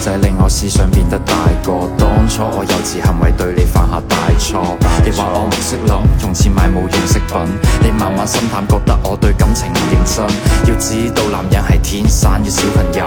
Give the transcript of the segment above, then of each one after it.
仔令我思想變得大個，當初我幼稚行為對你犯下大錯，大錯。你話我唔識諗，仲似買無用飾品。你慢慢心淡，覺得我對感情唔認真。要知道男人係天生嘅小朋友，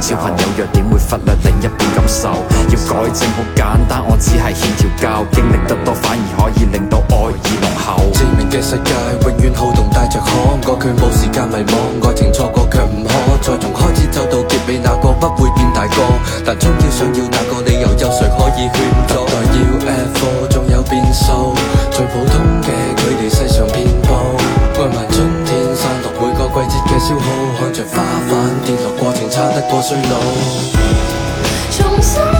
小朋友弱點會忽略另一邊感受。要改正好簡單，我只係欠條教經歷得多反而可以令到愛意濃厚。志明嘅世界永遠好動帶着可愛，佢冇時間迷惘，愛情錯過卻唔可，再從開始走到結尾，哪個不會？個，但春天想要那個理由？有誰可以滿足？要愛過，仲有變數。最普通嘅，佢哋世上遍布。愛問春天散落每個季節嘅消耗，看着花瓣跌落過程差得過衰老。重生。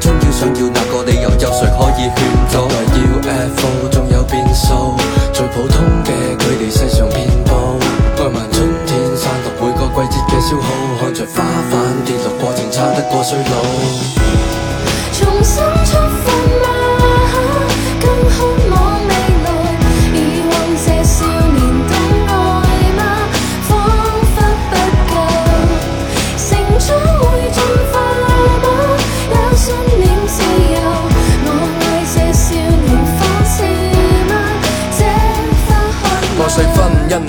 終於想要那個理由，有誰可以勸阻？UFO 仲有變數，最普通嘅距離世上遍布。再問春天散落每個季節嘅消耗，看着花瓣跌落過程，差得過衰老。重新出發了。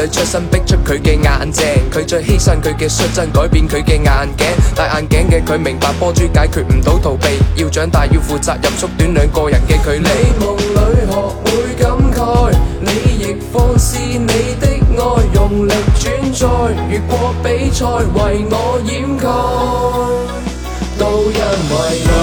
出身逼出佢嘅眼，眼鏡，佢再犧牲佢嘅率真改變佢嘅眼鏡。戴眼鏡嘅佢明白波珠解決唔到逃避，要長大要負責任，縮短兩個人嘅距離。你夢裡學會感慨，你亦放肆你的愛，用力轉載，越過比賽為我掩蓋，都因為。